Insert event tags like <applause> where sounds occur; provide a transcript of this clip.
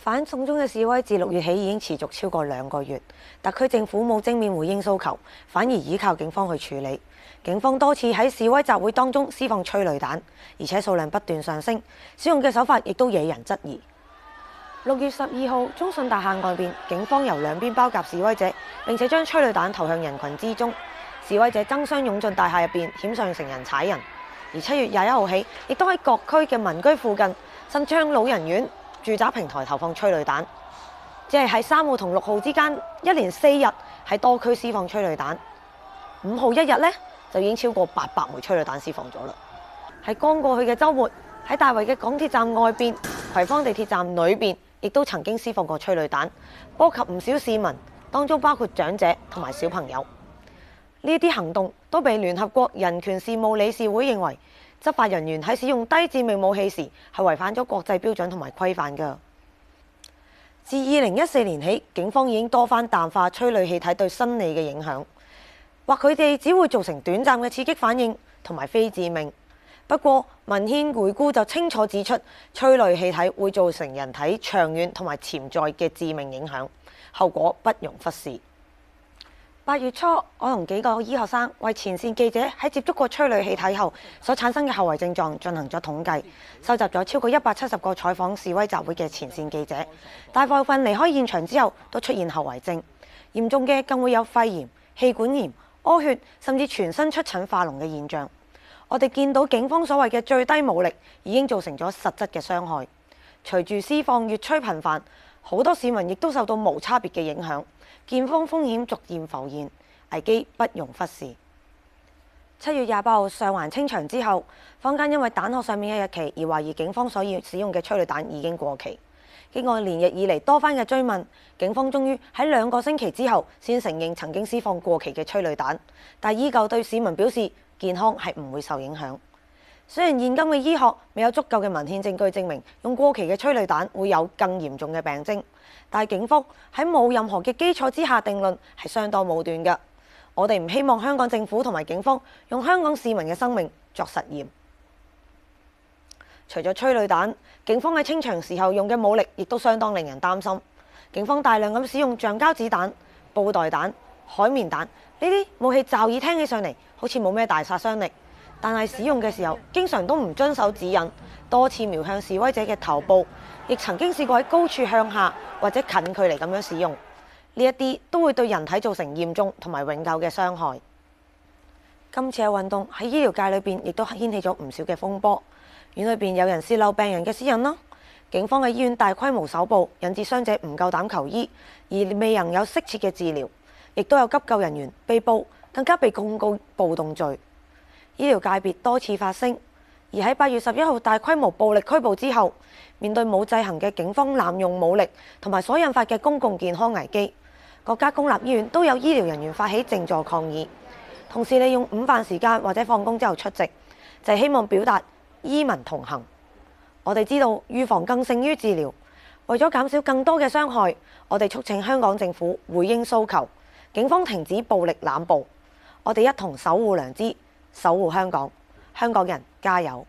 反送中嘅示威自六月起已經持續超過兩個月，特區政府冇正面回應訴求，反而依靠警方去處理。警方多次喺示威集會當中施放催淚彈，而且數量不斷上升，使用嘅手法亦都惹人質疑。六月十二號，中信大廈外邊，警方由兩邊包夾示威者，並且將催淚彈投向人群之中。示威者爭相湧進大廈入邊，險上成人踩人。而七月廿一號起，亦都喺各區嘅民居附近、甚至老人院。住宅平台投放催淚彈，即係喺三號同六號之間一連四日喺多區施放催淚彈，五號一日呢，就已經超過八百枚催淚彈釋放咗啦。喺剛過去嘅周末，喺大圍嘅港鐵站外邊、葵芳地鐵站裏邊，亦都曾經施放過催淚彈，波及唔少市民，當中包括長者同埋小朋友。呢啲行動都被聯合國人權事務理事會認為。執法人員喺使用低致命武器時，係違反咗國際標準同埋規範噶。自二零一四年起，警方已經多番淡化催淚氣體對生理嘅影響，話佢哋只會造成短暫嘅刺激反應同埋非致命。不過，文獻回顧就清楚指出，催淚氣體會造成人體長遠同埋潛在嘅致命影響，後果不容忽視。八月初，我同幾個醫學生為前線記者喺接觸過催淚氣體後所產生嘅後遺症狀進行咗統計，收集咗超過一百七十個採訪示威集會嘅前線記者，大部分離開現場之後都出現後遺症，嚴重嘅更會有肺炎、氣管炎、屙血，甚至全身出疹、化膿嘅現象。我哋見到警方所謂嘅最低武力已經造成咗實質嘅傷害，隨住施放越趨頻繁。好多市民亦都受到無差別嘅影響，健康風險逐漸浮現，危機不容忽視。七月廿八號上環清場之後，坊間因為彈殼上面嘅日期而懷疑警方所使用嘅催淚彈已經過期。經過連日以嚟多番嘅追問，警方終於喺兩個星期之後先承認曾經施放過期嘅催淚彈，但依舊對市民表示健康係唔會受影響。雖然現今嘅醫學未有足夠嘅文獻證據證明用過期嘅催淚彈會有更嚴重嘅病徵，但係警方喺冇任何嘅基礎之下定論係相當武斷㗎。我哋唔希望香港政府同埋警方用香港市民嘅生命作實驗。除咗催淚彈，警方喺清場時候用嘅武力亦都相當令人擔心。警方大量咁使用橡膠子彈、布袋彈、海綿彈呢啲武器，驟耳聽起上嚟，好似冇咩大殺傷力。但係使用嘅時候，經常都唔遵守指引，多次瞄向示威者嘅頭部，亦曾經試過喺高處向下或者近距離咁樣使用，呢一啲都會對人體造成嚴重同埋永久嘅傷害。 <noise> 今次嘅運動喺醫療界裏邊亦都掀起咗唔少嘅風波，院裏邊有人洩漏病人嘅私隱咯，警方喺醫院大規模搜捕，引致傷者唔夠膽求醫，而未能有適切嘅治療，亦都有急救人員被捕，更加被控告暴動罪。醫療界別多次發聲，而喺八月十一號大規模暴力拘捕之後，面對冇制衡嘅警方濫用武力，同埋所引發嘅公共健康危機，各家公立醫院都有醫療人員發起靜坐抗議，同時利用午飯時間或者放工之後出席，就係希望表達醫民同行。我哋知道預防更勝於治療，為咗減少更多嘅傷害，我哋促請香港政府回應訴求，警方停止暴力濫捕，我哋一同守護良知。守護香港，香港人加油！